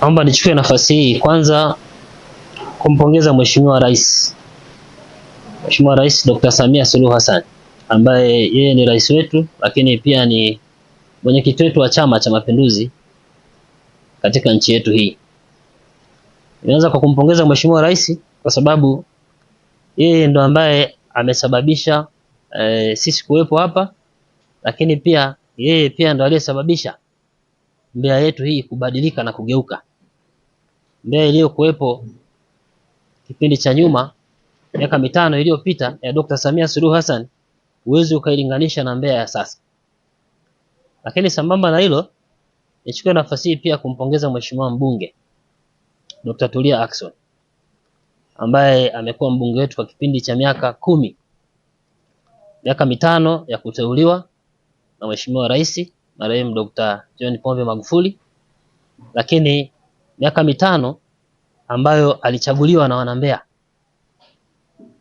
Naomba nichukue nafasi hii kwanza kumpongeza Mheshimiwa Rais, Mheshimiwa Rais Dr. Samia Suluhu Hassan ambaye yeye ni rais wetu, lakini pia ni mwenyekiti wetu wa Chama cha Mapinduzi katika nchi yetu hii. Nianza kwa kumpongeza Mheshimiwa Rais kwa sababu yeye ndo ambaye amesababisha e, sisi kuwepo hapa, lakini pia yeye pia ndo aliyesababisha Mbeya yetu hii kubadilika na kugeuka. Mbea iliyokuwepo kipindi cha nyuma miaka mitano iliyopita ya Dr. Samia Suluhu Hassan huwezi ukailinganisha na Mbeya ya sasa. Lakini sambamba na hilo, nichukue nafasi hii pia kumpongeza Mheshimiwa mbunge Dr. Tulia Ackson ambaye amekuwa mbunge wetu kwa kipindi cha miaka kumi, miaka mitano ya kuteuliwa na Mheshimiwa Rais marehemu Dr. John Pombe Magufuli, lakini miaka mitano ambayo alichaguliwa na wanambea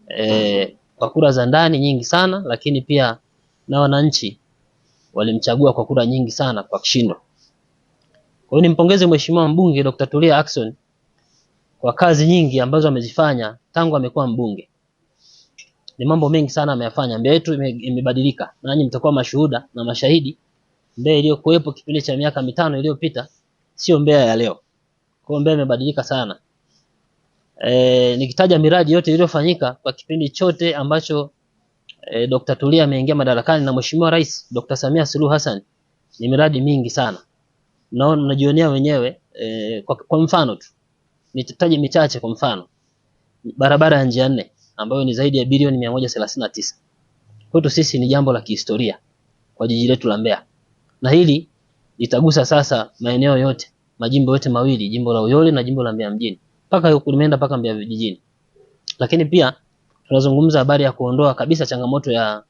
e, kwa kura za ndani nyingi sana, lakini pia na wananchi walimchagua kwa kura nyingi sana kwa kishindo. Kwa hiyo nimpongeze Mheshimiwa mbunge Dr. Tulia Ackson kwa kazi nyingi ambazo amezifanya tangu amekuwa mbunge. Ni mambo mengi sana ameyafanya. Mbeya yetu imebadilika, nanyi mtakuwa mashuhuda na mashahidi. Mbeya iliyokuwepo kipindi cha miaka mitano iliyopita sio Mbeya ya leo. Kwa hiyo Mbeya imebadilika sana. E, nikitaja miradi yote iliyofanyika kwa kipindi chote ambacho e, Dr. Tulia ameingia madarakani na Mheshimiwa Rais Dr. Samia Suluhu Hassan ni miradi mingi sana. Na unajionea wenyewe e, kwa, kwa mfano tu nitataje michache. Kwa mfano barabara ya njia nne ambayo ni zaidi ya bilioni 139. kwetu sisi ni jambo la kihistoria kwa jiji letu la Mbeya, na hili litagusa sasa maeneo yote majimbo yote mawili, jimbo la Uyole na jimbo la Mbeya mjini, mpaka limeenda mpaka Mbeya vijijini. Lakini pia tunazungumza habari ya kuondoa kabisa changamoto ya,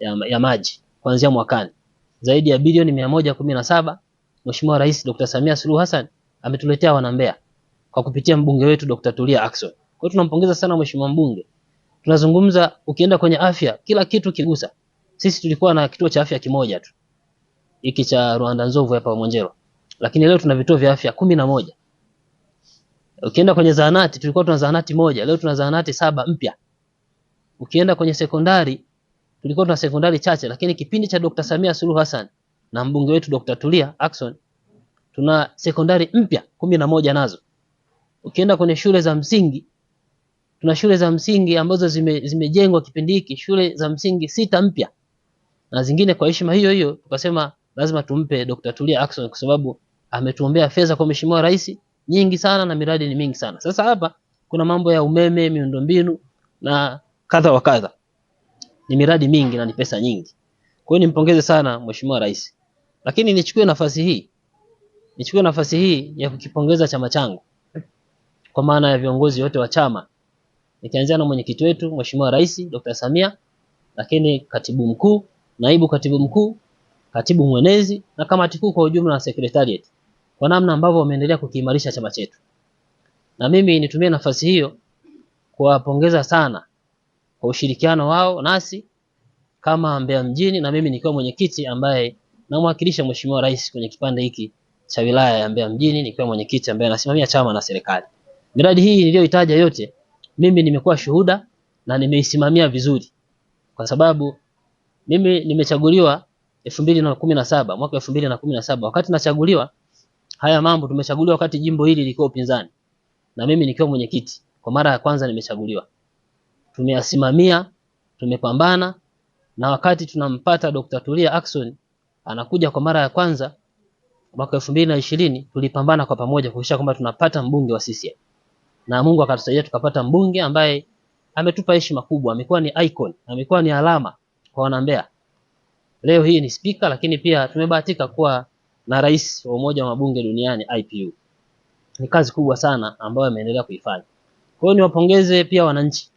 ya, ya maji kuanzia mwakani. Zaidi ya bilioni mia moja kumi na saba Mheshimiwa Rais Dr. Samia Suluhu Hassan ametuletea wanambea kwa kupitia mbunge wetu Dr. Tulia Ackson. Kwa hiyo tunampongeza sana mheshimiwa mbunge. Tunazungumza ukienda kwenye afya, kila kitu kigusa. Sisi tulikuwa na kituo cha afya kimoja tu hiki cha Rwanda Nzovu hapa Mwanjero lakini leo tuna vituo vya afya kumi na moja. Ukienda kwenye zahanati tulikuwa tuna zahanati moja, leo tuna zahanati saba mpya. Ukienda kwenye sekondari tulikuwa tuna sekondari chache, lakini kipindi cha Dr. Samia Suluhu Hassan na mbunge wetu Dr. Tulia Ackson tuna sekondari mpya kumi na moja nazo. Ukienda kwenye shule za msingi tuna shule za msingi ambazo zimejengwa zime kipindi hiki shule za msingi sita mpya na zingine. Kwa heshima hiyo hiyo tukasema lazima tumpe Dr. Tulia Ackson kwa sababu ametuombea fedha kwa mheshimiwa rais nyingi sana na miradi ni mingi sana. Sasa hapa kuna mambo ya umeme, miundombinu na kadha wa kadha, ni miradi mingi na ni pesa nyingi. Kwa hiyo nimpongeze sana mheshimiwa rais, lakini nichukue nafasi hii nichukue nafasi hii ya kukipongeza chama changu kwa maana ya viongozi wote wa chama nikianzia na mwenyekiti wetu mheshimiwa rais Dr. Samia, lakini katibu mkuu, naibu katibu mkuu, katibu mwenezi na kamati kuu kwa ujumla na secretariat kwa namna ambavyo wameendelea kukiimarisha chama chetu, na mimi nitumie nafasi hiyo kuwapongeza sana kwa ushirikiano wao nasi kama Mbeya mjini, na mimi nikiwa mwenyekiti ambaye namwakilisha Mheshimiwa Rais kwenye kipande hiki cha wilaya ya Mbeya mjini, nikiwa mwenyekiti ambaye anasimamia chama na serikali. Miradi hii niliyoitaja yote mimi nimekuwa shuhuda na nimeisimamia vizuri, kwa sababu mimi nimechaguliwa elfu mbili na kumi na saba mwaka elfu mbili na kumi na saba wakati nachaguliwa haya mambo tumechaguliwa wakati jimbo hili liko upinzani na mimi nikiwa mwenyekiti, kwa mara ya kwanza nimechaguliwa. Tumeyasimamia, tumepambana, na wakati tunampata Dr. Tulia Ackson anakuja kwa mara ya kwanza mwaka elfu mbili na ishirini tulipambana kwa pamoja kuhakikisha kwamba tunapata mbunge wa CCM na Mungu akatusaidia tukapata mbunge ambaye ametupa heshima kubwa, amekuwa ni icon, amekuwa ni alama kwa wanambea. Leo hii ni spika, lakini pia tumebahatika kuwa na rais wa umoja wa mabunge duniani IPU. Ni kazi kubwa sana ambayo ameendelea kuifanya. Kwa hiyo niwapongeze pia wananchi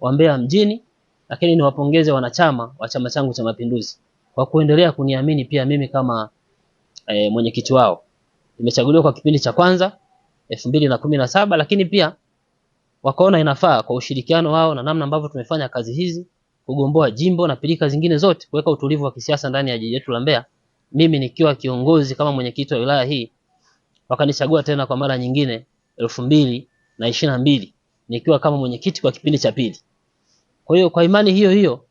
wa Mbeya mjini, lakini niwapongeze wanachama wa chama changu cha Mapinduzi kwa kuendelea kuniamini pia mimi kama e, mwenyekiti wao. Nimechaguliwa kwa kipindi cha kwanza elfu mbili na kumi na saba lakini pia wakaona inafaa kwa ushirikiano wao na namna ambavyo tumefanya kazi hizi kugomboa jimbo na pilika zingine zote, kuweka utulivu wa kisiasa ndani ya jiji letu la Mbeya mimi nikiwa kiongozi kama mwenyekiti wa wilaya hii, wakanichagua tena kwa mara nyingine elfu mbili na ishirini na mbili nikiwa kama mwenyekiti kwa kipindi cha pili. Kwa hiyo kwa imani hiyo hiyo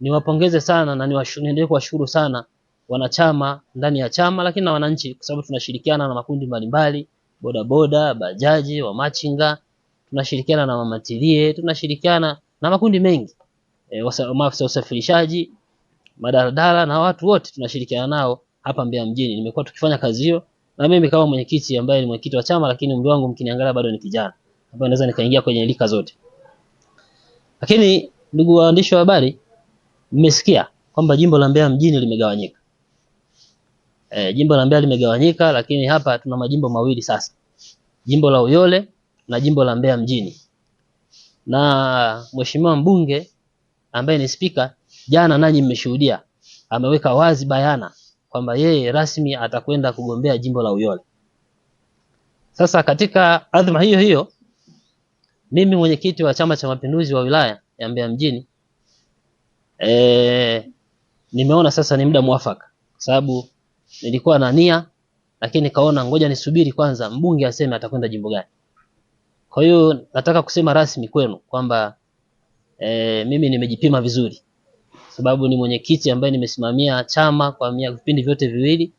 niwapongeze sana na niendelee kuwashukuru sana wanachama ndani ya chama, lakini na wananchi, kwa sababu tunashirikiana na makundi mbalimbali, bodaboda, bajaji, wamachinga, tunashirikiana na mamatilie, tunashirikiana na makundi mengi e, maafisa usafirishaji madaladala na watu wote tunashirikiana nao hapa Mbeya mjini. Nimekuwa tukifanya kazi hiyo na mimi kama mwenyekiti ambaye ni mwenyekiti wa chama, lakini umri wangu mkiniangalia bado ni kijana ambaye naweza nikaingia kwenye lika zote. Lakini ndugu waandishi wa habari, mmesikia kwamba jimbo la Mbeya mjini limegawanyika. E, jimbo la Mbeya limegawanyika, lakini hapa tuna majimbo mawili sasa, jimbo la Uyole na jimbo la Mbeya mjini, na mheshimiwa mbunge ambaye ni spika jana nanyi mmeshuhudia, ameweka wazi bayana kwamba yeye rasmi atakwenda kugombea jimbo la Uyole. Sasa katika adhma hiyo hiyo, mimi mwenyekiti wa Chama cha Mapinduzi wa wilaya ya Mbeya mjini e, nimeona sasa ni muda mwafaka, kwa sababu nilikuwa na nia lakini kaona ngoja nisubiri kwanza mbunge aseme atakwenda jimbo gani. Kwa hiyo nataka kusema rasmi kwenu kwamba e, mimi nimejipima vizuri sababu ni mwenyekiti ambaye nimesimamia chama kwa vipindi vyote viwili,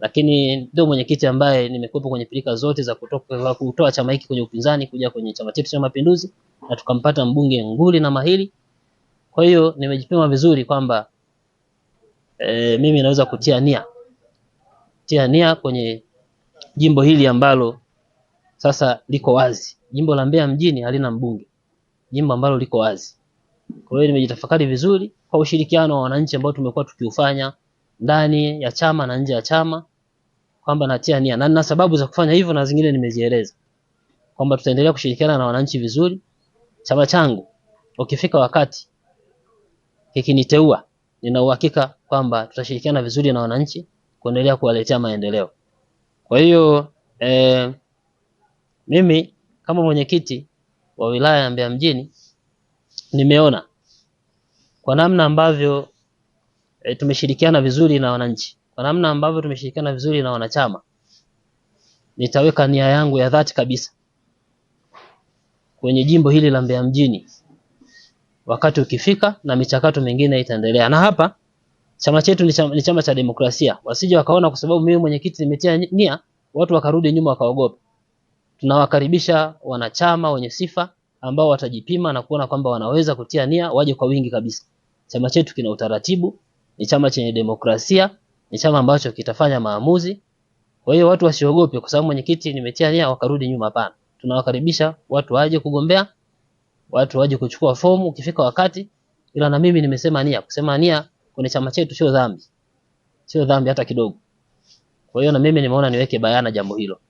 lakini ndio mwenyekiti ambaye nimekuwepo kwenye pilika zote za kutoka, kutoa chama hiki kwenye upinzani kuja kwenye chama chetu cha Mapinduzi na tukampata mbunge nguli na mahiri. Kwa hiyo nimejipima vizuri kwamba e, mimi naweza kutia nia tia nia kwenye jimbo hili ambalo sasa liko wazi. Jimbo la Mbeya mjini halina mbunge, jimbo ambalo liko wazi. Kwa hiyo nimejitafakari vizuri kwa ushirikiano wa wananchi ambao tumekuwa tukiufanya ndani ya chama na nje ya chama kwamba natia nia na nina sababu za kufanya hivyo na zingine nimezieleza kwamba tutaendelea kushirikiana na wananchi vizuri. Chama changu ukifika wakati kikiniteua, nina uhakika kwamba tutashirikiana vizuri na wananchi kuendelea kuwaletea maendeleo. Kwa hiyo eh, mimi kama mwenyekiti wa wilaya ya Mbeya mjini nimeona kwa namna ambavyo e, tumeshirikiana vizuri na wananchi, kwa namna ambavyo tumeshirikiana vizuri na wanachama, nitaweka nia yangu ya dhati kabisa kwenye jimbo hili la Mbeya mjini wakati ukifika, na michakato mingine itaendelea. Na hapa chama chetu ni chama, ni chama cha demokrasia. Wasije wakaona kwa sababu mimi mwenyekiti nimetia nia watu wakarudi nyuma wakaogopa. Tunawakaribisha wanachama wenye sifa ambao watajipima na kuona kwamba wanaweza kutia nia waje kwa wingi kabisa. Chama chetu kina utaratibu, ni chama chenye demokrasia, ni chama ambacho kitafanya maamuzi. Kwa hiyo watu wasiogope kwa sababu mwenyekiti nimetia nia wakarudi nyuma, hapana. Tunawakaribisha watu waje kugombea, watu waje kuchukua fomu ukifika wakati, ila na mimi nimesema nia. Kusema nia kwenye chama chetu sio dhambi, sio dhambi hata kidogo. Kwa hiyo na mimi nimeona niweke bayana jambo hilo.